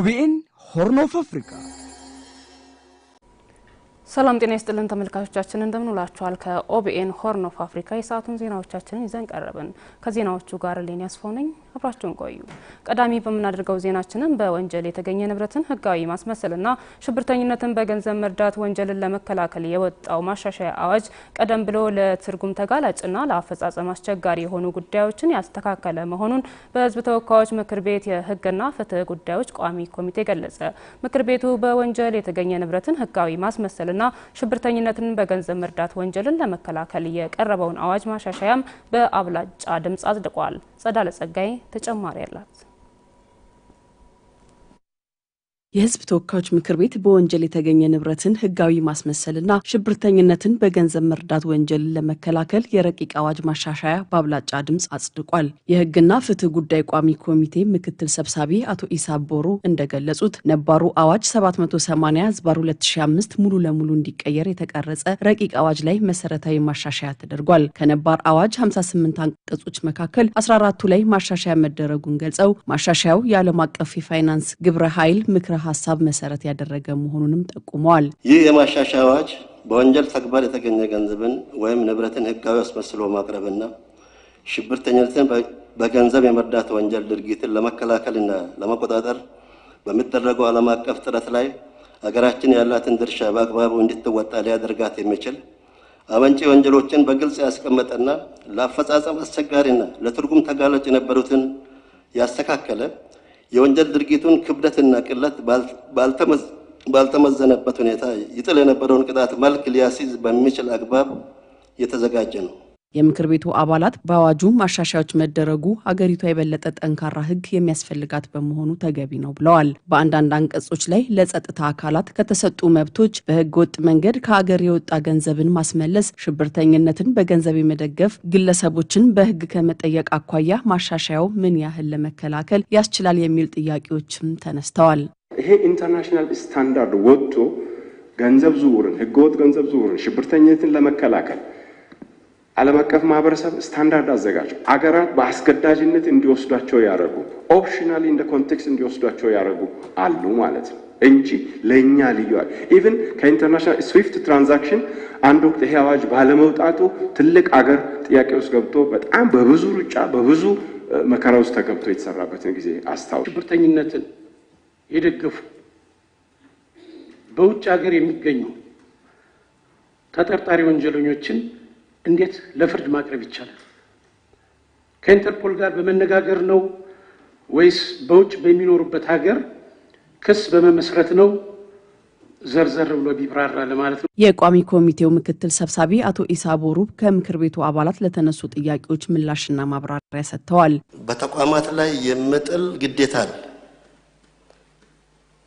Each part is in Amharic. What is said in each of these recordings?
OBN, Horn of Africa. ሰላም ጤና ይስጥልን ተመልካቾቻችን፣ እንደምንውላችኋል። ከኦቢኤን ሆርን ኦፍ አፍሪካ የሰዓቱን ዜናዎቻችንን ይዘን ቀረብን። ከዜናዎቹ ጋር ሌን ያስፈው ነኝ፣ አብራችሁን ቆዩ። ቀዳሚ በምናደርገው ዜናችንን በወንጀል የተገኘ ንብረትን ህጋዊ ማስመሰልና ሽብርተኝነትን በገንዘብ መርዳት ወንጀልን ለመከላከል የወጣው ማሻሻያ አዋጅ ቀደም ብሎ ለትርጉም ተጋላጭና ለአፈጻጸም አስቸጋሪ የሆኑ ጉዳዮችን ያስተካከለ መሆኑን በህዝብ ተወካዮች ምክር ቤት የህግና ፍትህ ጉዳዮች ቋሚ ኮሚቴ ገለጸ። ምክር ቤቱ በወንጀል የተገኘ ንብረትን ህጋዊ ማስመሰልና ና ሽብርተኝነትን በገንዘብ መርዳት ወንጀልን ለመከላከል የቀረበውን አዋጅ ማሻሻያም በአብላጫ ድምፅ አጽድቋል። ጸዳለ ጸጋይ ተጨማሪ አላት። የህዝብ ተወካዮች ምክር ቤት በወንጀል የተገኘ ንብረትን ህጋዊ ማስመሰልና ሽብርተኝነትን በገንዘብ መርዳት ወንጀልን ለመከላከል የረቂቅ አዋጅ ማሻሻያ በአብላጫ ድምፅ አጽድቋል። የህግና ፍትህ ጉዳይ ቋሚ ኮሚቴ ምክትል ሰብሳቢ አቶ ኢሳ ቦሮ እንደገለጹት ነባሩ አዋጅ 780 ዝባር 2005 ሙሉ ለሙሉ እንዲቀየር የተቀረጸ ረቂቅ አዋጅ ላይ መሰረታዊ ማሻሻያ ተደርጓል። ከነባር አዋጅ 58 አንቀጾች መካከል 14ቱ ላይ ማሻሻያ መደረጉን ገልጸው ማሻሻያው የዓለም አቀፍ የፋይናንስ ግብረ ኃይል ምክር ሀሳብ መሰረት ያደረገ መሆኑንም ጠቁመዋል። ይህ የማሻሻያ አዋጅ በወንጀል ተግባር የተገኘ ገንዘብን ወይም ንብረትን ህጋዊ አስመስሎ ማቅረብና ሽብርተኝነትን በገንዘብ የመርዳት ወንጀል ድርጊትን ለመከላከልና ለመቆጣጠር በሚደረገው ዓለም አቀፍ ጥረት ላይ ሀገራችን ያላትን ድርሻ በአግባቡ እንድትወጣ ሊያደርጋት የሚችል አመንጪ ወንጀሎችን በግልጽ ያስቀመጠና ለአፈጻጸም አስቸጋሪና ለትርጉም ተጋላጭ የነበሩትን ያስተካከለ የወንጀል ድርጊቱን ክብደትና ቅለት ባልተመዘነበት ሁኔታ ይጥል የነበረውን ቅጣት መልክ ሊያስይዝ በሚችል አግባብ የተዘጋጀ ነው። የምክር ቤቱ አባላት በአዋጁ ማሻሻያዎች መደረጉ ሀገሪቷ የበለጠ ጠንካራ ሕግ የሚያስፈልጋት በመሆኑ ተገቢ ነው ብለዋል። በአንዳንድ አንቀጾች ላይ ለጸጥታ አካላት ከተሰጡ መብቶች በሕገ ወጥ መንገድ ከሀገር የወጣ ገንዘብን ማስመለስ፣ ሽብርተኝነትን በገንዘብ የመደገፍ፣ ግለሰቦችን በሕግ ከመጠየቅ አኳያ ማሻሻያው ምን ያህል ለመከላከል ያስችላል የሚል ጥያቄዎችም ተነስተዋል። ይሄ ኢንተርናሽናል ስታንዳርድ ወጥቶ ገንዘብ ዝውውርን፣ ሕገወጥ ገንዘብ ዝውውርን፣ ሽብርተኝነትን ለመከላከል ዓለም አቀፍ ማህበረሰብ ስታንዳርድ አዘጋጅ አገራት በአስገዳጅነት እንዲወስዷቸው ያደረጉ ኦፕሽናሊ እንደ ኮንቴክስት እንዲወስዷቸው ያደረጉ አሉ ማለት ነው እንጂ ለእኛ ልዩ ኢቭን ከኢንተርናሽናል ስዊፍት ትራንዛክሽን አንድ ወቅት ይሄ አዋጅ ባለመውጣቱ ትልቅ አገር ጥያቄ ውስጥ ገብቶ በጣም በብዙ ሩጫ በብዙ መከራ ውስጥ ተገብቶ የተሰራበትን ጊዜ አስታውስ። ሽብርተኝነትን የደገፉ በውጭ ሀገር የሚገኙ ተጠርጣሪ ወንጀለኞችን እንዴት ለፍርድ ማቅረብ ይቻላል? ከኢንተርፖል ጋር በመነጋገር ነው ወይስ በውጭ በሚኖሩበት ሀገር ክስ በመመስረት ነው? ዘርዘር ብሎ ቢብራራ ለማለት ነው። የቋሚ ኮሚቴው ምክትል ሰብሳቢ አቶ ኢሳ ቦሩብ ከምክር ቤቱ አባላት ለተነሱ ጥያቄዎች ምላሽና ማብራሪያ ሰጥተዋል። በተቋማት ላይ የምጥል ግዴታ ነው።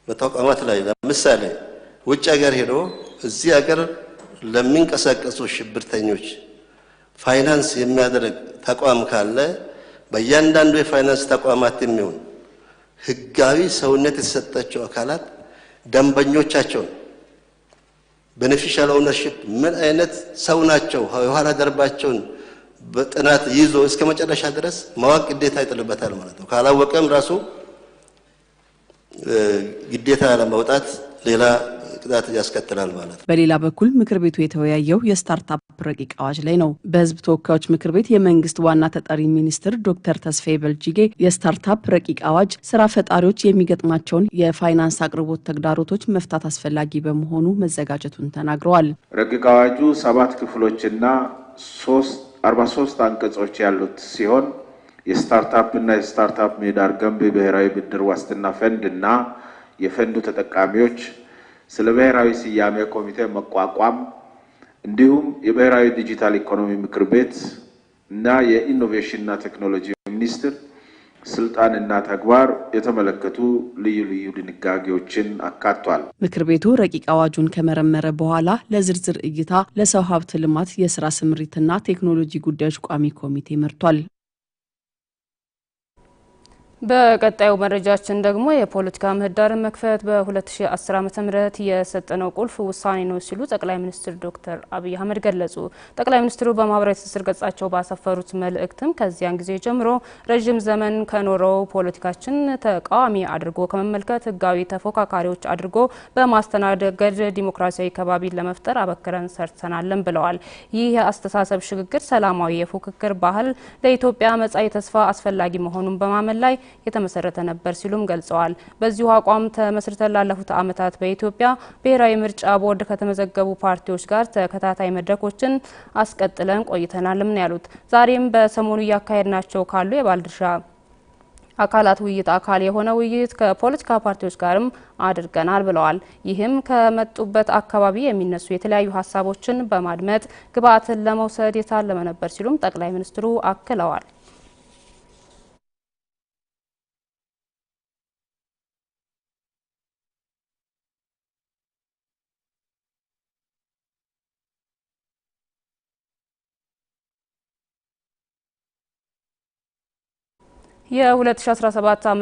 በተቋማት ላይ ለምሳሌ ውጭ ሀገር ሄዶ እዚህ ሀገር ለሚንቀሳቀሱ ሽብርተኞች ፋይናንስ የሚያደርግ ተቋም ካለ በእያንዳንዱ የፋይናንስ ተቋማት የሚሆን ህጋዊ ሰውነት የተሰጣቸው አካላት ደንበኞቻቸውን ቤኔፊሻል ኦነርሽፕ ምን አይነት ሰው ናቸው፣ የኋላ ደርባቸውን በጥናት ይዞ እስከ መጨረሻ ድረስ ማወቅ ግዴታ ይጥልበታል ማለት ነው። ካላወቀም ራሱ ግዴታ ለመውጣት ሌላ ጉዳት ያስከትላል ማለት ነው። በሌላ በኩል ምክር ቤቱ የተወያየው የስታርታፕ ረቂቅ አዋጅ ላይ ነው። በህዝብ ተወካዮች ምክር ቤት የመንግስት ዋና ተጠሪ ሚኒስትር ዶክተር ተስፋዬ በልጅጌ የስታርታፕ ረቂቅ አዋጅ ስራ ፈጣሪዎች የሚገጥማቸውን የፋይናንስ አቅርቦት ተግዳሮቶች መፍታት አስፈላጊ በመሆኑ መዘጋጀቱን ተናግረዋል። ረቂቅ አዋጁ ሰባት ክፍሎችና አርባ ሶስት አንቀጾች ያሉት ሲሆን የስታርታፕ እና የስታርታፕ ምህዳር ገንቢ ብሔራዊ ብድር ዋስትና ፈንድ እና የፈንዱ ተጠቃሚዎች ስለ ብሔራዊ ስያሜ ኮሚቴ መቋቋም እንዲሁም የብሔራዊ ዲጂታል ኢኮኖሚ ምክር ቤት እና የኢኖቬሽንና ቴክኖሎጂ ሚኒስቴር ስልጣንና ተግባር የተመለከቱ ልዩ ልዩ ድንጋጌዎችን አካቷል። ምክር ቤቱ ረቂቅ አዋጁን ከመረመረ በኋላ ለዝርዝር እይታ ለሰው ሀብት ልማት የስራ ስምሪትና ቴክኖሎጂ ጉዳዮች ቋሚ ኮሚቴ መርቷል። በቀጣዩ መረጃችን ደግሞ የፖለቲካ ምህዳርን መክፈት በ2010 ም የሰጠነው ቁልፍ ውሳኔ ነው ሲሉ ጠቅላይ ሚኒስትር ዶክተር አብይ አህመድ ገለጹ። ጠቅላይ ሚኒስትሩ በማህበራዊ ትስስር ገጻቸው ባሰፈሩት መልእክትም ከዚያን ጊዜ ጀምሮ ረዥም ዘመን ከኖረው ፖለቲካችን ተቃዋሚ አድርጎ ከመመልከት ህጋዊ ተፎካካሪዎች አድርጎ በማስተናገድ ዲሞክራሲያዊ ከባቢን ለመፍጠር አበክረን ሰርተናለን ብለዋል። ይህ የአስተሳሰብ ሽግግር ሰላማዊ የፉክክር ባህል ለኢትዮጵያ መጻኢ ተስፋ አስፈላጊ መሆኑን በማመን ላይ የተመሰረተ ነበር ሲሉም ገልጸዋል። በዚሁ አቋም ተመስርተን ላለፉት ዓመታት በኢትዮጵያ ብሔራዊ ምርጫ ቦርድ ከተመዘገቡ ፓርቲዎች ጋር ተከታታይ መድረኮችን አስቀጥለን ቆይተናልም ያሉት። ዛሬም በሰሞኑ እያካሄድ ናቸው ካሉ የባለድርሻ አካላት ውይይት አካል የሆነ ውይይት ከፖለቲካ ፓርቲዎች ጋርም አድርገናል ብለዋል። ይህም ከመጡበት አካባቢ የሚነሱ የተለያዩ ሀሳቦችን በማድመጥ ግብአትን ለመውሰድ የታለመ ነበር ሲሉም ጠቅላይ ሚኒስትሩ አክለዋል። የ2017 ዓ.ም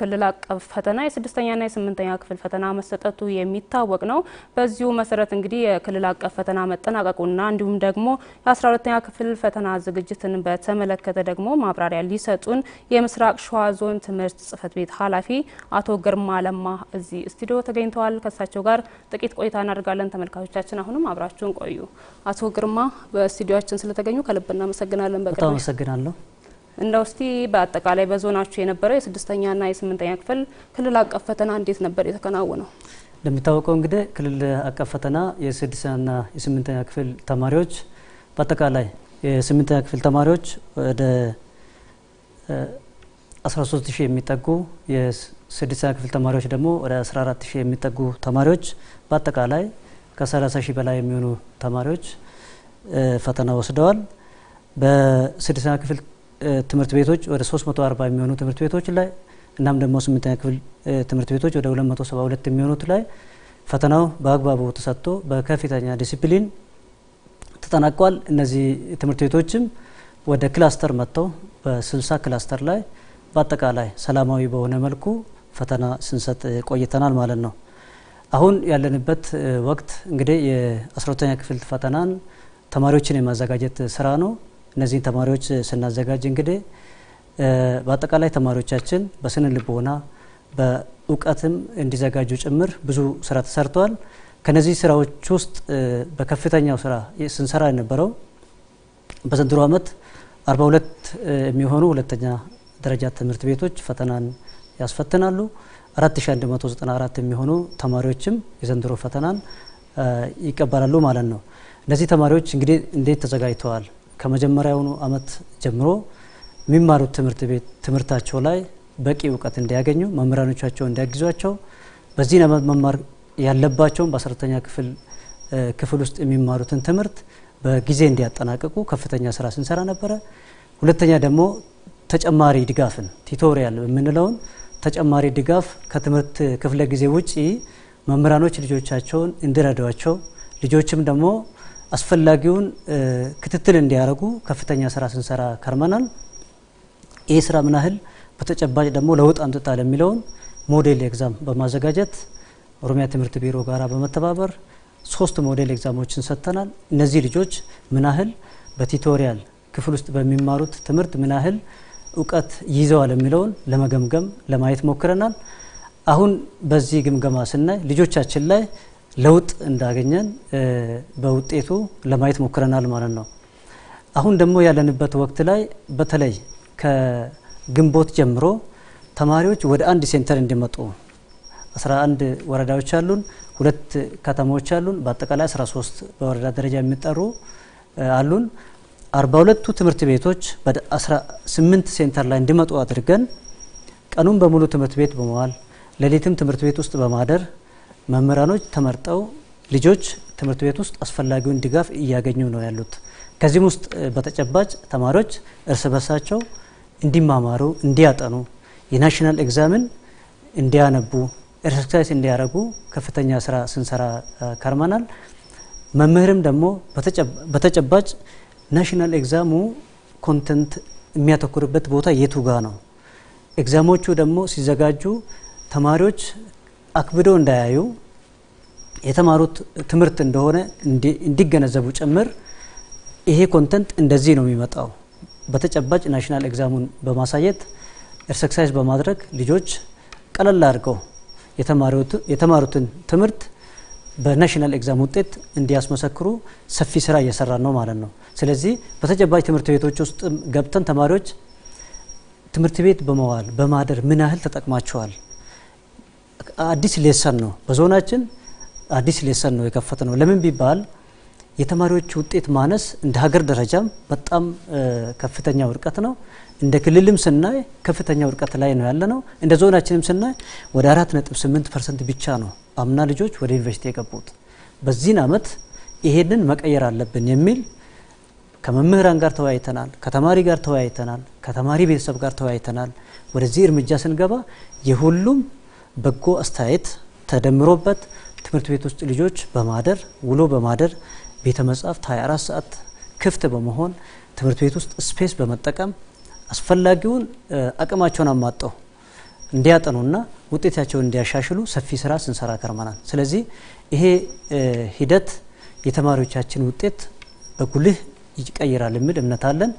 ክልል አቀፍ ፈተና የስድስተኛና የስምንተኛ ክፍል ፈተና መሰጠቱ የሚታወቅ ነው። በዚሁ መሰረት እንግዲህ የክልል አቀፍ ፈተና መጠናቀቁና እንዲሁም ደግሞ የ12ኛ ክፍል ፈተና ዝግጅትን በተመለከተ ደግሞ ማብራሪያ ሊሰጡን የምስራቅ ሸዋ ዞን ትምህርት ጽህፈት ቤት ኃላፊ አቶ ግርማ ለማ እዚህ ስቱዲዮ ተገኝተዋል። ከእሳቸው ጋር ጥቂት ቆይታ እናደርጋለን። ተመልካቾቻችን አሁንም አብራችሁን ቆዩ። አቶ ግርማ በስቱዲዮችን ስለተገኙ ከልብ እናመሰግናለን። በቅድሚያ አመሰግናለሁ። እንደው እስቲ በአጠቃላይ በዞናችሁ የነበረው የስድስተኛና የስምንተኛ ክፍል ክልል አቀፍ ፈተና እንዴት ነበር የተከናወነው? እንደሚታወቀው እንግዲህ ክልል አቀፍ ፈተና የስድስተኛና የስምንተኛ ክፍል ተማሪዎች በአጠቃላይ የስምንተኛ ክፍል ተማሪዎች ወደ 13 ሺህ የሚጠጉ የስድስተኛ ክፍል ተማሪዎች ደግሞ ወደ 14 ሺህ የሚጠጉ ተማሪዎች በአጠቃላይ ከ30 ሺህ በላይ የሚሆኑ ተማሪዎች ፈተና ወስደዋል። በስድስተኛ ክፍል ትምህርት ቤቶች ወደ 340 የሚሆኑ ትምህርት ቤቶች ላይ እናም ደግሞ ስምንተኛ ክፍል ትምህርት ቤቶች ወደ 272 የሚሆኑት ላይ ፈተናው በአግባቡ ተሰጥቶ በከፍተኛ ዲሲፕሊን ተጠናቋል። እነዚህ ትምህርት ቤቶችም ወደ ክላስተር መጥተው በ60 ክላስተር ላይ በአጠቃላይ ሰላማዊ በሆነ መልኩ ፈተና ስንሰጥ ቆይተናል ማለት ነው። አሁን ያለንበት ወቅት እንግዲህ የአስራ ሁለተኛ ክፍል ፈተናን ተማሪዎችን የማዘጋጀት ስራ ነው። እነዚህን ተማሪዎች ስናዘጋጅ እንግዲህ በአጠቃላይ ተማሪዎቻችን በስነ ልቦና በእውቀትም እንዲዘጋጁ ጭምር ብዙ ስራ ተሰርተዋል። ከነዚህ ስራዎች ውስጥ በከፍተኛው ስራ ስንሰራ የነበረው በዘንድሮ ዓመት አርባ ሁለት የሚሆኑ ሁለተኛ ደረጃ ትምህርት ቤቶች ፈተናን ያስፈትናሉ። 4194 የሚሆኑ ተማሪዎችም የዘንድሮ ፈተናን ይቀበላሉ ማለት ነው። እነዚህ ተማሪዎች እንግዲህ እንዴት ተዘጋጅተዋል? ከመጀመሪያውኑ አመት ጀምሮ የሚማሩት ትምህርት ቤት ትምህርታቸው ላይ በቂ እውቀት እንዲያገኙ መምህራኖቻቸው እንዲያግዟቸው በዚህ መማር ያለባቸውን በአስረተኛ ክፍል ክፍል ውስጥ የሚማሩትን ትምህርት በጊዜ እንዲያጠናቀቁ ከፍተኛ ስራ ስንሰራ ነበረ። ሁለተኛ ደግሞ ተጨማሪ ድጋፍን ቲቶሪያል የምንለውን ተጨማሪ ድጋፍ ከትምህርት ክፍለ ጊዜ ውጪ መምህራኖች ልጆቻቸውን እንዲረዷቸው ልጆችም ደግሞ አስፈላጊውን ክትትል እንዲያደርጉ ከፍተኛ ስራ ስንሰራ ከርመናል። ይህ ስራ ምን ያህል በተጨባጭ ደግሞ ለውጥ አምጥቷል የሚለውን ሞዴል ኤግዛም በማዘጋጀት ኦሮሚያ ትምህርት ቢሮ ጋራ በመተባበር ሶስት ሞዴል ኤግዛሞችን ሰጥተናል። እነዚህ ልጆች ምን ያህል በቲቶሪያል ክፍል ውስጥ በሚማሩት ትምህርት ምን ያህል እውቀት ይዘዋል የሚለውን ለመገምገም ለማየት ሞክረናል። አሁን በዚህ ግምገማ ስናይ ልጆቻችን ላይ ለውጥ እንዳገኘን በውጤቱ ለማየት ሞክረናል ማለት ነው። አሁን ደግሞ ያለንበት ወቅት ላይ በተለይ ከግንቦት ጀምሮ ተማሪዎች ወደ አንድ ሴንተር እንዲመጡ 11 ወረዳዎች አሉን፣ ሁለት ከተሞች አሉን። በአጠቃላይ 13 በወረዳ ደረጃ የሚጠሩ አሉን። 42ቱ ትምህርት ቤቶች በ18 ሴንተር ላይ እንዲመጡ አድርገን ቀኑን በሙሉ ትምህርት ቤት በመዋል ሌሊትም ትምህርት ቤት ውስጥ በማደር መምህራኖች ተመርጠው ልጆች ትምህርት ቤት ውስጥ አስፈላጊውን ድጋፍ እያገኙ ነው ያሉት። ከዚህም ውስጥ በተጨባጭ ተማሪዎች እርስ በርሳቸው እንዲማማሩ፣ እንዲያጠኑ፣ የናሽናል ኤግዛምን እንዲያነቡ፣ ኤክሰርሳይዝ እንዲያደርጉ ከፍተኛ ስራ ስንሰራ ከርመናል። መምህርም ደግሞ በተጨባጭ ናሽናል ኤግዛሙ ኮንተንት የሚያተኩርበት ቦታ የቱ ጋ ነው? ኤግዛሞቹ ደግሞ ሲዘጋጁ ተማሪዎች አክብዶ እንዳያዩ የተማሩት ትምህርት እንደሆነ እንዲገነዘቡ ጭምር ይሄ ኮንተንት እንደዚህ ነው የሚመጣው በተጨባጭ ናሽናል ኤግዛሙን በማሳየት ኤርሰክሳይዝ በማድረግ ልጆች ቀለል አድርገው የተማሩትን ትምህርት በናሽናል ኤግዛም ውጤት እንዲያስመሰክሩ ሰፊ ስራ እየሰራ ነው ማለት ነው። ስለዚህ በተጨባጭ ትምህርት ቤቶች ውስጥ ገብተን ተማሪዎች ትምህርት ቤት በመዋል በማደር ምን ያህል ተጠቅማቸዋል አዲስ ሌሰን ነው በዞናችን አዲስ ሌሰን ነው የከፈተ ነው። ለምን ቢባል የተማሪዎች ውጤት ማነስ እንደ ሀገር ደረጃም በጣም ከፍተኛ ውድቀት ነው። እንደ ክልልም ስናይ ከፍተኛ ውድቀት ላይ ነው ያለ ነው። እንደ ዞናችንም ስናይ ወደ ስምንት ፐርሰንት ብቻ ነው አምና ልጆች ወደ ዩኒቨርሲቲ የገቡት። በዚህን አመት ይሄንን መቀየር አለብን የሚል ከመምህራን ጋር ተወያይተናል፣ ከተማሪ ጋር ተወያይተናል፣ ከተማሪ ቤተሰብ ጋር ተወያይተናል። ወደዚህ እርምጃ ስንገባ የሁሉም በጎ አስተያየት ተደምሮበት ትምህርት ቤት ውስጥ ልጆች በማደር ውሎ በማደር ቤተ መጻሕፍት 24 ሰዓት ክፍት በመሆን ትምህርት ቤት ውስጥ ስፔስ በመጠቀም አስፈላጊውን አቅማቸውን አሟጠው እንዲያጠኑና ውጤታቸውን እንዲያሻሽሉ ሰፊ ስራ ስንሰራ ከርመናል። ስለዚህ ይሄ ሂደት የተማሪዎቻችን ውጤት በጉልህ ይቀይራል የሚል እምነት አለን።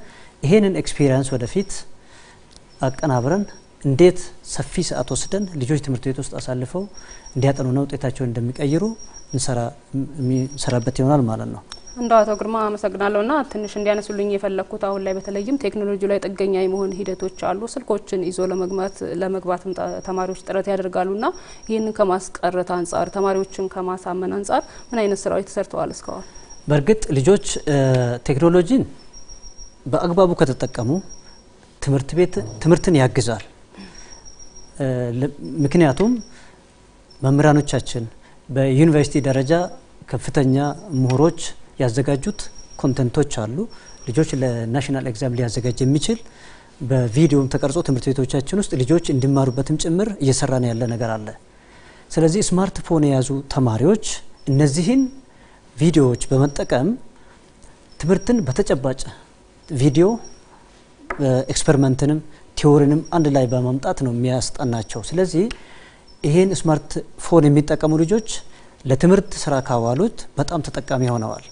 ይሄንን ኤክስፒሪየንስ ወደፊት አቀናብረን እንዴት ሰፊ ሰዓት ወስደን ልጆች ትምህርት ቤት ውስጥ አሳልፈው እንዲያጠኑና ውጤታቸውን እንደሚቀይሩ እንሰራበት ይሆናል ማለት ነው። እንደ አቶ ግርማ አመሰግናለሁ። ና ትንሽ እንዲያነሱልኝ የፈለግኩት አሁን ላይ በተለይም ቴክኖሎጂ ላይ ጥገኛ የመሆን ሂደቶች አሉ። ስልኮችን ይዞ ለመግባት ለመግባትም ተማሪዎች ጥረት ያደርጋሉ። ና ይህንን ከማስቀረት አንጻር ተማሪዎችን ከማሳመን አንጻር ምን አይነት ስራዎች ተሰርተዋል እስካሁን? በእርግጥ ልጆች ቴክኖሎጂን በአግባቡ ከተጠቀሙ ትምህርት ቤት ትምህርትን ያግዛል። ምክንያቱም መምህራኖቻችን በዩኒቨርሲቲ ደረጃ ከፍተኛ ምሁሮች ያዘጋጁት ኮንተንቶች አሉ። ልጆች ለናሽናል ኤግዛም ሊያዘጋጅ የሚችል በቪዲዮም ተቀርጾ ትምህርት ቤቶቻችን ውስጥ ልጆች እንዲማሩበትም ጭምር እየሰራ ነው ያለ ነገር አለ። ስለዚህ ስማርትፎን የያዙ ተማሪዎች እነዚህን ቪዲዮዎች በመጠቀም ትምህርትን በተጨባጭ ቪዲዮ ኤክስፐሪመንትንም ቲዎሪንም አንድ ላይ በማምጣት ነው የሚያስጠናቸው። ስለዚህ ይሄን ስማርት ፎን የሚጠቀሙ ልጆች ለትምህርት ስራ ካዋሉት በጣም ተጠቃሚ ሆነዋል።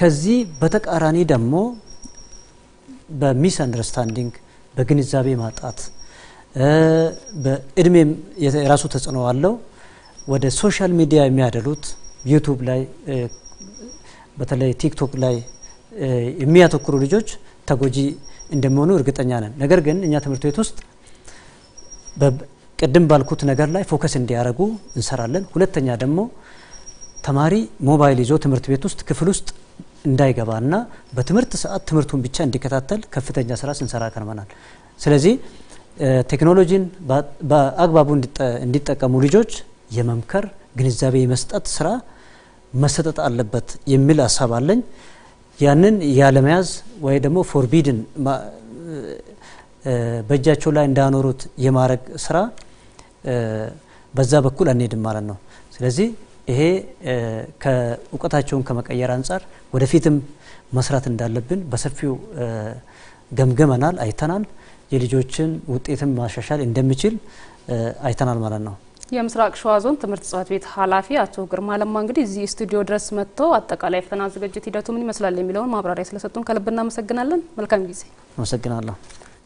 ከዚህ በተቃራኒ ደግሞ በሚስ አንደርስታንዲንግ በግንዛቤ ማጣት በእድሜም የራሱ ተጽዕኖ አለው። ወደ ሶሻል ሚዲያ የሚያደሉት ዩቱብ ላይ በተለይ ቲክቶክ ላይ የሚያተኩሩ ልጆች ተጎጂ እንደሚሆኑ እርግጠኛ ነን። ነገር ግን እኛ ትምህርት ቤት ውስጥ ቅድም ባልኩት ነገር ላይ ፎከስ እንዲያደርጉ እንሰራለን። ሁለተኛ ደግሞ ተማሪ ሞባይል ይዞ ትምህርት ቤት ውስጥ ክፍል ውስጥ እንዳይገባና በትምህርት ሰዓት ትምህርቱን ብቻ እንዲከታተል ከፍተኛ ስራ ስንሰራ ከርመናል። ስለዚህ ቴክኖሎጂን በአግባቡ እንዲጠቀሙ ልጆች የመምከር ግንዛቤ የመስጠት ስራ መሰጠት አለበት የሚል ሀሳብ አለኝ። ያንን ያለመያዝ ወይ ደግሞ ፎርቢድን በእጃቸው ላይ እንዳኖሩት የማድረግ ስራ በዛ በኩል አንሄድም ማለት ነው። ስለዚህ ይሄ ከእውቀታቸውን ከመቀየር አንጻር ወደፊትም መስራት እንዳለብን በሰፊው ገምገመናል፣ አይተናል። የልጆችን ውጤትም ማሻሻል እንደሚችል አይተናል ማለት ነው። የምስራቅ ሸዋ ዞን ትምህርት ጽሕፈት ቤት ኃላፊ አቶ ግርማ ለማ እንግዲህ እዚህ ስቱዲዮ ድረስ መጥተው አጠቃላይ ፈተና ዝግጅት ሂደቱ ምን ይመስላል የሚለውን ማብራሪያ ስለሰጡን ከልብ እናመሰግናለን። መልካም ጊዜ። አመሰግናለሁ።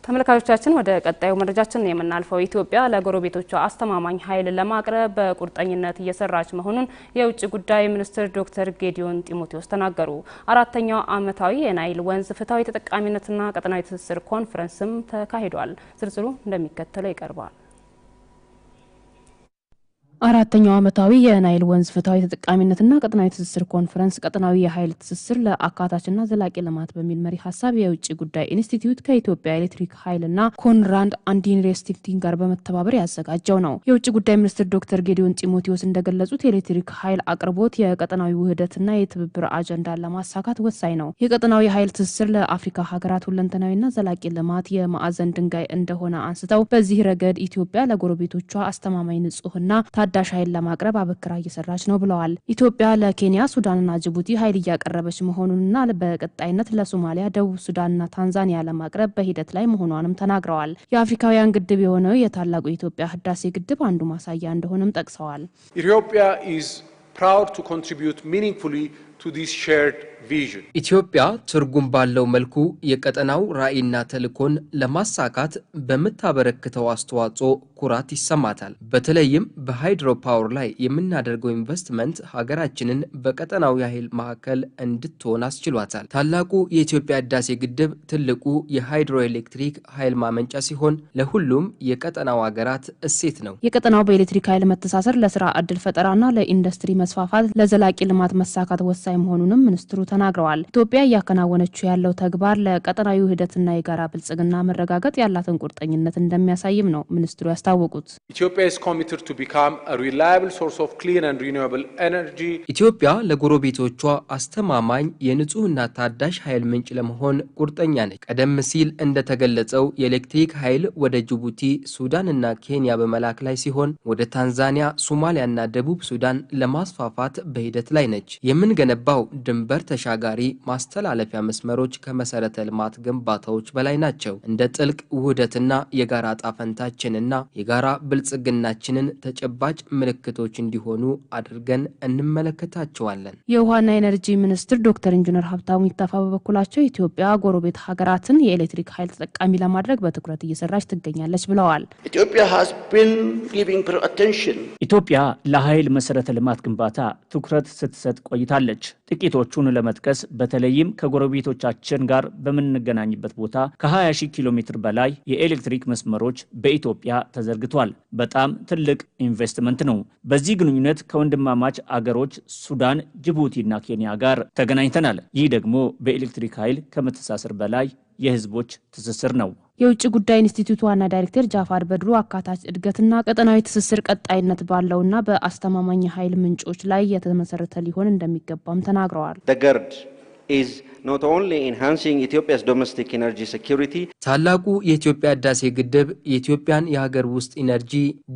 ተመልካቾቻችን ወደ ቀጣዩ መረጃችን ነው የምናልፈው። ኢትዮጵያ ለጎረቤቶቿ አስተማማኝ ኃይል ለማቅረብ በቁርጠኝነት እየሰራች መሆኑን የውጭ ጉዳይ ሚኒስትር ዶክተር ጌዲዮን ጢሞቴዎስ ተናገሩ። አራተኛው ዓመታዊ የናይል ወንዝ ፍትሐዊ ተጠቃሚነትና ቀጠናዊ ትስስር ኮንፈረንስም ተካሂዷል። ዝርዝሩ እንደሚከተለው ይቀርባል። አራተኛው ዓመታዊ የናይል ወንዝ ፍትሐዊ ተጠቃሚነትና ቀጠናዊ ትስስር ኮንፈረንስ ቀጠናዊ የኃይል ትስስር ለአካታችና ዘላቂ ልማት በሚል መሪ ሀሳብ የውጭ ጉዳይ ኢንስቲትዩት ከኢትዮጵያ ኤሌክትሪክ ኃይልና ኮንራንድ አንድ ዩኒቨርሲቲ ጋር በመተባበር ያዘጋጀው ነው። የውጭ ጉዳይ ሚኒስትር ዶክተር ጌዲዮን ጢሞቴዎስ እንደገለጹት የኤሌክትሪክ ኃይል አቅርቦት የቀጠናዊ ውህደትና የትብብር አጀንዳን ለማሳካት ወሳኝ ነው። የቀጠናዊ ኃይል ትስስር ለአፍሪካ ሀገራት ሁለንተናዊና ዘላቂ ልማት የማዕዘን ድንጋይ እንደሆነ አንስተው በዚህ ረገድ ኢትዮጵያ ለጎረቤቶቿ አስተማማኝ ንጹህና ታዳሽ ኃይል ለማቅረብ አበክራ እየሰራች ነው ብለዋል። ኢትዮጵያ ለኬንያ ሱዳንና ጅቡቲ ኃይል እያቀረበች መሆኑንና በቀጣይነት ለሶማሊያ፣ ደቡብ ሱዳንና ታንዛኒያ ለማቅረብ በሂደት ላይ መሆኗንም ተናግረዋል። የአፍሪካውያን ግድብ የሆነው የታላቁ የኢትዮጵያ ህዳሴ ግድብ አንዱ ማሳያ እንደሆነም ጠቅሰዋል። ኢትዮጵያ ኢዝ ፕራውድ ቱ ኮንትሪቢዩት ሚኒንግፉሊ ኢትዮጵያ ትርጉም ባለው መልኩ የቀጠናው ራዕይና ተልዕኮን ለማሳካት በምታበረክተው አስተዋጽኦ ኩራት ይሰማታል። በተለይም በሃይድሮ ፓወር ላይ የምናደርገው ኢንቨስትመንት ሀገራችንን በቀጠናው የኃይል ማዕከል እንድትሆን አስችሏታል። ታላቁ የኢትዮጵያ ህዳሴ ግድብ ትልቁ የሃይድሮ ኤሌክትሪክ ኃይል ማመንጫ ሲሆን ለሁሉም የቀጠናው ሀገራት እሴት ነው። የቀጠናው በኤሌክትሪክ ኃይል መተሳሰር ለስራ ዕድል ፈጠራና ለኢንዱስትሪ መስፋፋት ለዘላቂ ልማት መሳካት ወሳኝ ወሳኝ መሆኑንም ሚኒስትሩ ተናግረዋል። ኢትዮጵያ እያከናወነችው ያለው ተግባር ለቀጠናዊ ውህደትና የጋራ ብልጽግና መረጋገጥ ያላትን ቁርጠኝነት እንደሚያሳይም ነው ሚኒስትሩ ያስታወቁት። ኢትዮጵያ ለጎረቤቶቿ አስተማማኝ የንጹህና ታዳሽ ኃይል ምንጭ ለመሆን ቁርጠኛ ነች። ቀደም ሲል እንደተገለጸው የኤሌክትሪክ ኃይል ወደ ጅቡቲ፣ ሱዳንና ኬንያ በመላክ ላይ ሲሆን ወደ ታንዛኒያ፣ ሶማሊያና ደቡብ ሱዳን ለማስፋፋት በሂደት ላይ ነች። የምንገነ የተገነባው ድንበር ተሻጋሪ ማስተላለፊያ መስመሮች ከመሰረተ ልማት ግንባታዎች በላይ ናቸው። እንደ ጥልቅ ውህደትና የጋራ ጣፈንታችንና የጋራ ብልጽግናችንን ተጨባጭ ምልክቶች እንዲሆኑ አድርገን እንመለከታቸዋለን። የውሃና ኤነርጂ ሚኒስትር ዶክተር ኢንጂነር ሀብታሙ ይተፋ በበኩላቸው ኢትዮጵያ ጎረቤት ሀገራትን የኤሌክትሪክ ኃይል ተጠቃሚ ለማድረግ በትኩረት እየሰራች ትገኛለች ብለዋል። ኢትዮጵያ ለኃይል መሰረተ ልማት ግንባታ ትኩረት ስትሰጥ ቆይታለች። ጥቂቶቹን ለመጥቀስ በተለይም ከጎረቤቶቻችን ጋር በምንገናኝበት ቦታ ከ20 ሺህ ኪሎ ሜትር በላይ የኤሌክትሪክ መስመሮች በኢትዮጵያ ተዘርግቷል። በጣም ትልቅ ኢንቨስትመንት ነው። በዚህ ግንኙነት ከወንድማማች አገሮች ሱዳን፣ ጅቡቲና ኬንያ ጋር ተገናኝተናል። ይህ ደግሞ በኤሌክትሪክ ኃይል ከመተሳሰር በላይ የህዝቦች ትስስር ነው። የውጭ ጉዳይ ኢንስቲትዩት ዋና ዳይሬክተር ጃፋር በድሩ አካታች እድገትና ቀጠናዊ ትስስር ቀጣይነት ባለውና በአስተማማኝ ኃይል ምንጮች ላይ የተመሰረተ ሊሆን እንደሚገባም ተናግረዋል። ታላቁ የኢትዮጵያ ህዳሴ ግድብ የኢትዮጵያን የሀገር ውስጥ ኢነርጂ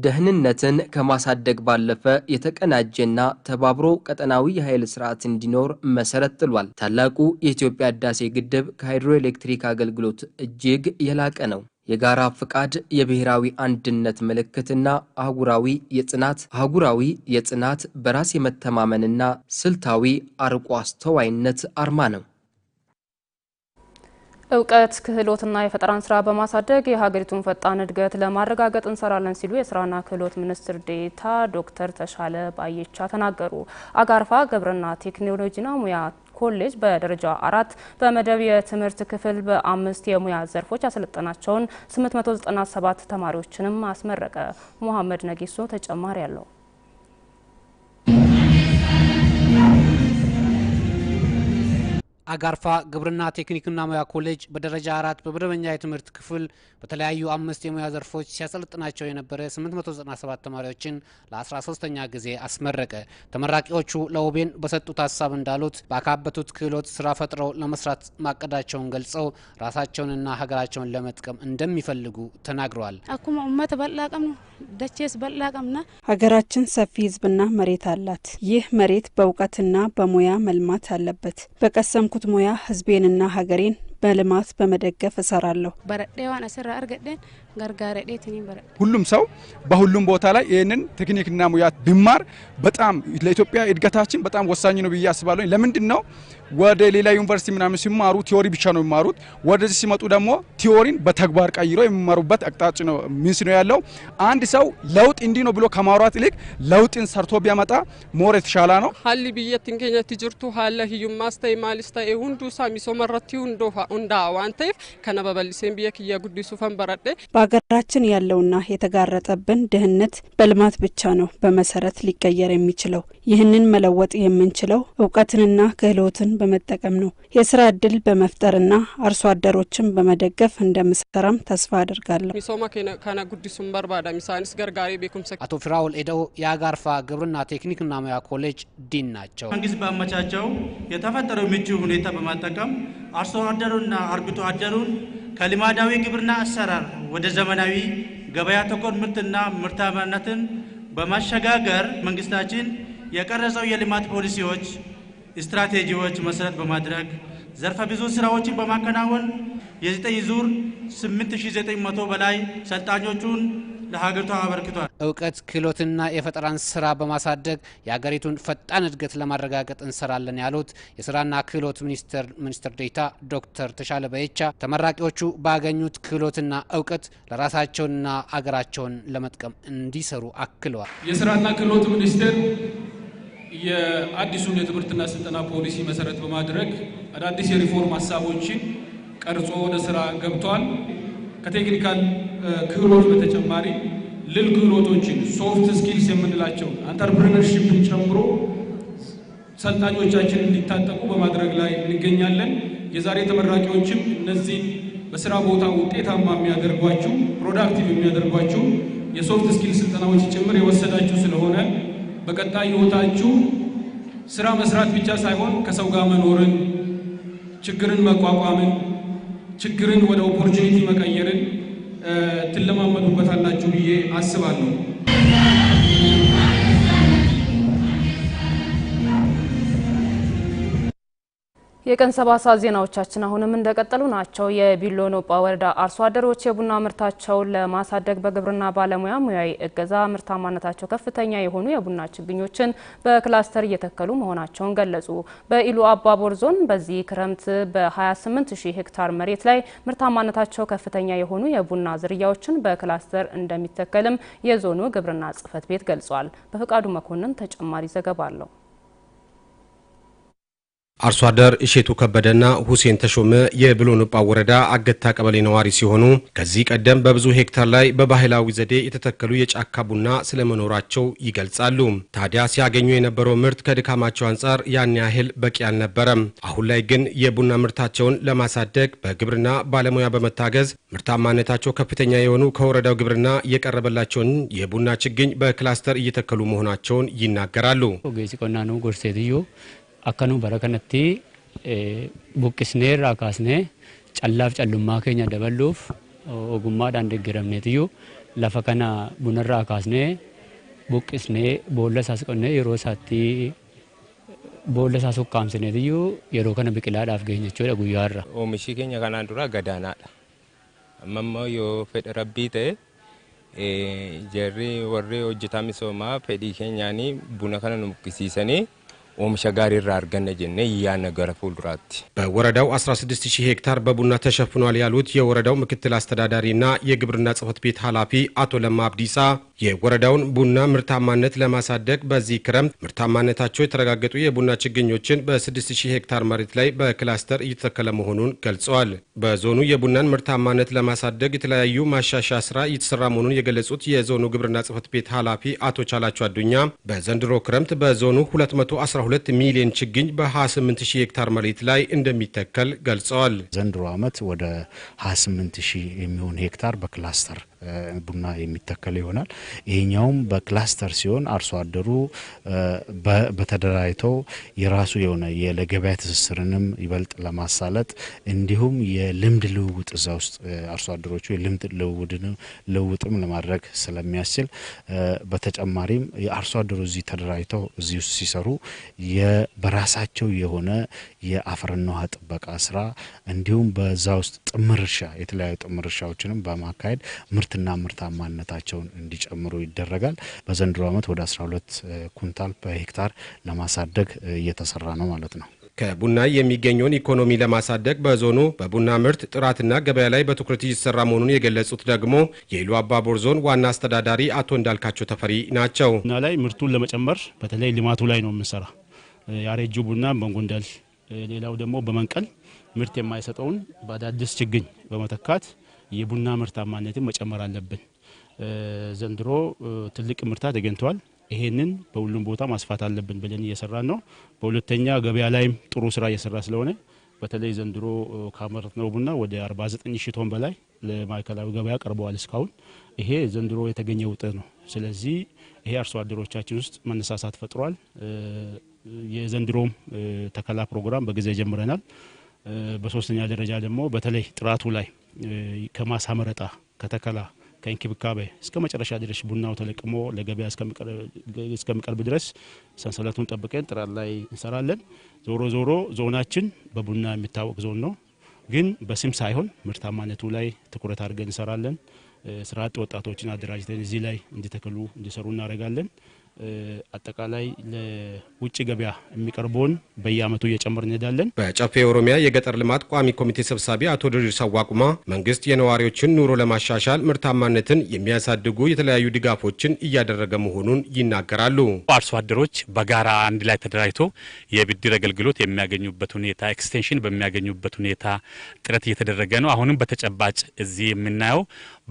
ደህንነትን ከማሳደግ ባለፈ የተቀናጀና ተባብሮ ቀጠናዊ የኃይል ስርዓት እንዲኖር መሰረት ጥሏል። ታላቁ የኢትዮጵያ ህዳሴ ግድብ ከሃይድሮኤሌክትሪክ አገልግሎት እጅግ የላቀ ነው። የጋራ ፍቃድ የብሔራዊ አንድነት ምልክትና አህጉራዊ የጽናት አህጉራዊ የጽናት በራስ የመተማመንና ስልታዊ አርቆ አስተዋይነት አርማ ነው። እውቀት ክህሎትና የፈጠራን ስራ በማሳደግ የሀገሪቱን ፈጣን እድገት ለማረጋገጥ እንሰራለን ሲሉ የስራና ክህሎት ሚኒስትር ዴታ ዶክተር ተሻለ ባየቻ ተናገሩ። አጋርፋ ግብርና ቴክኖሎጂና ሙያ ኮሌጅ በደረጃ አራት በመደብ የትምህርት ክፍል በአምስት የሙያ ዘርፎች ያሰለጠናቸውን 897 ተማሪዎችንም አስመረቀ። ሙሐመድ ነጊሶ ተጨማሪ አለው። አጋርፋ ግብርና ቴክኒክና ሙያ ኮሌጅ በደረጃ አራት በመደበኛ የትምህርት ክፍል በተለያዩ አምስት የሙያ ዘርፎች ሲያሰለጥናቸው የነበረ 897 ተማሪዎችን ለ13ተኛ ጊዜ አስመረቀ። ተመራቂዎቹ ለኦቤን በሰጡት ሀሳብ እንዳሉት ባካበቱት ክህሎት ስራ ፈጥረው ለመስራት ማቀዳቸውን ገልጸው ራሳቸውንና ሀገራቸውን ለመጥቀም እንደሚፈልጉ ተናግረዋል። አኩማ ኡመት በላቀም ነው ደቼስ በላ ቀምና ሀገራችን ሰፊ ህዝብና መሬት አላት። ይህ መሬት በእውቀትና በሙያ መልማት አለበት። በቀሰምኩት ሙያ ህዝቤንና ሀገሬን በልማት በመደገፍ እሰራለሁ። ሁሉም ሰው በሁሉም ቦታ ላይ ይህንን ቴክኒክና ሙያ ቢማር በጣም ለኢትዮጵያ እድገታችን በጣም ወሳኝ ነው ብዬ አስባለሁ። ለምንድን ነው ወደ ሌላ ዩኒቨርሲቲ ምናምን ሲማሩ ቲዮሪ ብቻ ነው የሚማሩት። ወደዚህ ሲመጡ ደግሞ ቲዮሪን በተግባር ቀይሮ የሚማሩበት አቅጣጫ ነው ሚንስ ነው ያለው። አንድ ሰው ለውጥ እንዲህ ነው ብሎ ከማውራት ይልቅ ለውጥን ሰርቶ ቢያመጣ ሞር የተሻላ ነው። ሀሊ ብየት እንገኘት ጅርቱ ሀለ ህዩ ማስተይ ማልስተ ሁንዱ ሳሚሶ መረቲው ሁንዶፋ ሁንዳ ፈን በረዴ በሀገራችን ያለውና የተጋረጠብን ድህነት በልማት ብቻ ነው በመሰረት ሊቀየር የሚችለው። ይህንን መለወጥ የምንችለው እውቀትንና ክህሎትን በመጠቀም ነው። የስራ እድል በመፍጠርና አርሶ አደሮችን በመደገፍ እንደምሰራም ተስፋ አድርጋለሁ። ሚሶማ ከነ ሚሳኒስ ገርጋሪ ቤኩምሰ አቶ ፊራውል ኤደው የአጋርፋ ግብርና ቴክኒክና ሙያ ኮሌጅ ዲን ናቸው። መንግስት ባመቻቸው የተፈጠረው ምቹ ሁኔታ በማጠቀም አርሶ አደሮ አደሩና አርብቶ አደሩን ከልማዳዊ ግብርና አሰራር ወደ ዘመናዊ ገበያ ተኮር ምርትና ምርታማነትን በማሸጋገር መንግስታችን የቀረጸው የልማት ፖሊሲዎች፣ ስትራቴጂዎች መሰረት በማድረግ ዘርፈ ብዙ ስራዎችን በማከናወን የ9 ዙር 8900 በላይ ሰልጣኞቹን ለሀገሪቷ አበርክቷል። እውቀት ክህሎትና የፈጠራን ስራ በማሳደግ የሀገሪቱን ፈጣን እድገት ለማረጋገጥ እንሰራለን ያሉት የስራና ክህሎት ሚኒስትር ሚኒስትር ዴኤታ ዶክተር ተሻለ በየቻ ተመራቂዎቹ ባገኙት ክህሎትና እውቀት ለራሳቸውንና አገራቸውን ለመጥቀም እንዲሰሩ አክለዋል። የስራና ክህሎት ሚኒስቴር የአዲሱን የትምህርትና ስልጠና ፖሊሲ መሰረት በማድረግ አዳዲስ የሪፎርም ሀሳቦችን ቀርጾ ወደ ስራ ገብቷል። ከቴክኒካል ክህሎት በተጨማሪ ልል ክህሎቶችን ሶፍት ስኪልስ የምንላቸው አንተርፕርነርሺፕን ጨምሮ ሰልጣኞቻችን እንዲታጠቁ በማድረግ ላይ እንገኛለን። የዛሬ ተመራቂዎችም እነዚህን በስራ ቦታ ውጤታማ የሚያደርጓችሁ ፕሮዳክቲቭ የሚያደርጓችሁ የሶፍት ስኪል ስልጠናዎች ጭምር የወሰዳችሁ ስለሆነ በቀጣይ ህይወታችሁ ስራ መስራት ብቻ ሳይሆን ከሰው ጋር መኖርን፣ ችግርን መቋቋምን ችግርን ወደ ኦፖርቹኒቲ መቀየርን ትለማመዱበታላችሁ ብዬ አስባለሁ። የቀን ሰባሳ ዜናዎቻችን አሁንም እንደቀጠሉ ናቸው። የቢሎኖጳ ወረዳ አርሶ አደሮች የቡና ምርታቸውን ለማሳደግ በግብርና ባለሙያ ሙያዊ እገዛ ምርታማነታቸው ከፍተኛ የሆኑ የቡና ችግኞችን በክላስተር እየተከሉ መሆናቸውን ገለጹ። በኢሉ አባቦር ዞን በዚህ ክረምት በ28 ሺህ ሄክታር መሬት ላይ ምርታማነታቸው ከፍተኛ የሆኑ የቡና ዝርያዎችን በክላስተር እንደሚተከልም የዞኑ ግብርና ጽሕፈት ቤት ገልጿል። በፈቃዱ መኮንን ተጨማሪ ዘገባ አለው። አርሶ አደር እሼቱ ከበደና ሁሴን ተሾመ የብሎ ንጳ ወረዳ አገታ ቀበሌ ነዋሪ ሲሆኑ ከዚህ ቀደም በብዙ ሄክታር ላይ በባህላዊ ዘዴ የተተከሉ የጫካ ቡና ስለመኖራቸው ይገልጻሉ። ታዲያ ሲያገኙ የነበረው ምርት ከድካማቸው አንጻር ያን ያህል በቂ አልነበረም። አሁን ላይ ግን የቡና ምርታቸውን ለማሳደግ በግብርና ባለሙያ በመታገዝ ምርታማነታቸው ከፍተኛ የሆኑ ከወረዳው ግብርና የቀረበላቸውን የቡና ችግኝ በክላስተር እየተከሉ መሆናቸውን ይናገራሉ። akka nu bara kanatti buqqisneerraa kaasnee callaaf callummaa keenya daballuuf ogummaadhaan iyyuu lafa kana bunarraa kaasnee buqqisnee boolla isaas qonnee yeroo isaatti boolla isaas isaa iyyuu yeroo kana biqilaadhaaf geenye jechuudha guyyaarra. Oomishii keenya kanaan dura gadaanaadha. Amma immoo yoo fedha rabbii ta'e jarri warri hojjetaa misoomaa fedhii keenyaanii buna kana nu buqqisiisanii ኦምሸ ጋር ራ አርገነ ጀነ እያነ ገረ በወረዳው 160 ሄክታር በቡና ተሸፍኗል ያሉት የወረዳው ምክትል አስተዳዳሪና የግብርና ጽህፈት ቤት ኃላፊ አቶ ለማ አብዲሳ የወረዳውን ቡና ምርታማነት ለማሳደግ በዚህ ክረምት ምርታማነታቸው የተረጋገጡ የቡና ችግኞችን በ6000 ሄክታር መሬት ላይ በክላስተር እየተተከለ መሆኑን ገልጸዋል። በዞኑ የቡናን ምርታማነት ለማሳደግ የተለያዩ ማሻሻያ ስራ እየተሰራ መሆኑን የገለጹት የዞኑ ግብርና ጽህፈት ቤት ኃላፊ አቶ ቻላቸው አዱኛ በዘንድሮ ክረምት በዞኑ 210 12 ሚሊዮን ችግኝ በ28 ሺህ ሄክታር መሬት ላይ እንደሚተከል ገልጸዋል። ዘንድሮ ዓመት ወደ 28 ሺህ የሚሆን ሄክታር በክላስተር ቡና የሚተከል ይሆናል። ይሄኛውም በክላስተር ሲሆን አርሶ አደሩ በተደራጅተው የራሱ የሆነ ለገበያ ትስስርንም ይበልጥ ለማሳለጥ እንዲሁም የልምድ ልውውጥ እዛ ውስጥ አርሶ አደሮቹ የልምድ ልውውጥም ለማድረግ ስለሚያስችል በተጨማሪም የአርሶ አደሩ እዚህ ተደራጅተው እዚህ ውስጥ ሲሰሩ በራሳቸው የሆነ የአፈርና ውሃ ጥበቃ ስራ እንዲሁም በዛ ውስጥ ጥምር እርሻ የተለያዩ ጥምር እርሻዎችንም በማካሄድ ምርት ምርትና ምርታማነታቸውን እንዲጨምሩ ይደረጋል። በዘንድሮ ዓመት ወደ 12 ኩንታል በሄክታር ለማሳደግ እየተሰራ ነው ማለት ነው። ከቡና የሚገኘውን ኢኮኖሚ ለማሳደግ በዞኑ በቡና ምርት ጥራትና ገበያ ላይ በትኩረት እየተሰራ መሆኑን የገለጹት ደግሞ የኢሉ አባቦር ዞን ዋና አስተዳዳሪ አቶ እንዳልካቸው ተፈሪ ናቸው። ቡና ላይ ምርቱን ለመጨመር በተለይ ልማቱ ላይ ነው የምንሰራ። ያረጁ ቡና በንጎንደል ሌላው ደግሞ በመንቀል ምርት የማይሰጠውን በአዳዲስ ችግኝ በመተካት የቡና ምርታማነትን መጨመር አለብን። ዘንድሮ ትልቅ ምርታ ተገኝተዋል። ይሄንን በሁሉም ቦታ ማስፋት አለብን ብለን እየሰራን ነው። በሁለተኛ ገበያ ላይም ጥሩ ስራ እየሰራ ስለሆነ በተለይ ዘንድሮ ካመረት ነው ቡና ወደ 49 ሽቶን ቶን በላይ ለማዕከላዊ ገበያ ቀርበዋል እስካሁን። ይሄ ዘንድሮ የተገኘ ውጤት ነው። ስለዚህ ይሄ አርሶ አደሮቻችን ውስጥ መነሳሳት ፈጥሯል። የዘንድሮም ተከላ ፕሮግራም በጊዜ ጀምረናል። በሶስተኛ ደረጃ ደግሞ በተለይ ጥራቱ ላይ ከማሳ መረጣ፣ ከተከላ፣ ከእንክብካቤ እስከ መጨረሻ ድረስ ቡናው ተለቅሞ ለገበያ እስከሚቀርብ ድረስ ሰንሰለቱን ጠብቀን ጥራት ላይ እንሰራለን። ዞሮ ዞሮ ዞናችን በቡና የሚታወቅ ዞን ነው። ግን በስም ሳይሆን ምርታማነቱ ላይ ትኩረት አድርገን እንሰራለን። ስራ አጥ ወጣቶችን አደራጅተን እዚህ ላይ እንዲተክሉ እንዲሰሩ እናደርጋለን። አጠቃላይ ለውጭ ገበያ የሚቀርበውን በየአመቱ እየጨመር እንሄዳለን። በጨፌ ኦሮሚያ የገጠር ልማት ቋሚ ኮሚቴ ሰብሳቢ አቶ ድርሳ ዋቁማ መንግስት የነዋሪዎችን ኑሮ ለማሻሻል ምርታማነትን የሚያሳድጉ የተለያዩ ድጋፎችን እያደረገ መሆኑን ይናገራሉ። አርሶ አደሮች በጋራ አንድ ላይ ተደራጅቶ የብድር አገልግሎት የሚያገኙበት ሁኔታ፣ ኤክስቴንሽን በሚያገኙበት ሁኔታ ጥረት እየተደረገ ነው። አሁንም በተጨባጭ እዚህ የምናየው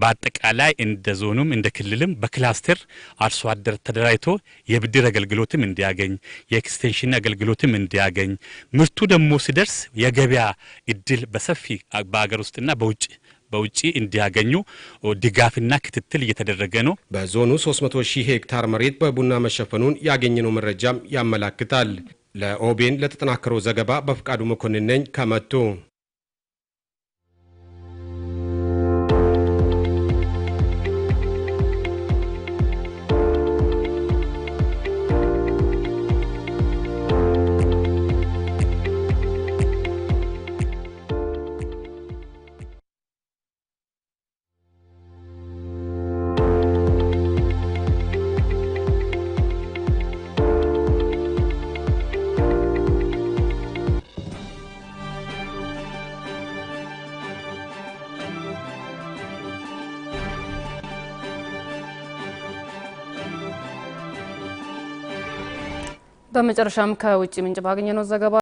በአጠቃላይ እንደ ዞኑም እንደ ክልልም በክላስተር አርሶ አደር ተደራጅቶ የብድር አገልግሎትም እንዲያገኝ የኤክስቴንሽን አገልግሎትም እንዲያገኝ ምርቱ ደግሞ ሲደርስ የገበያ እድል በሰፊ በሀገር ውስጥና በውጭ በውጭ እንዲያገኙ ድጋፍና ክትትል እየተደረገ ነው። በዞኑ 300 ሺህ ሄክታር መሬት በቡና መሸፈኑን ያገኘነው መረጃም ያመላክታል። ለኦቤን ለተጠናከረው ዘገባ በፍቃዱ መኮንን ነኝ ከመቱ በመጨረሻም ከውጭ ምንጭ ባገኘነው ዘገባ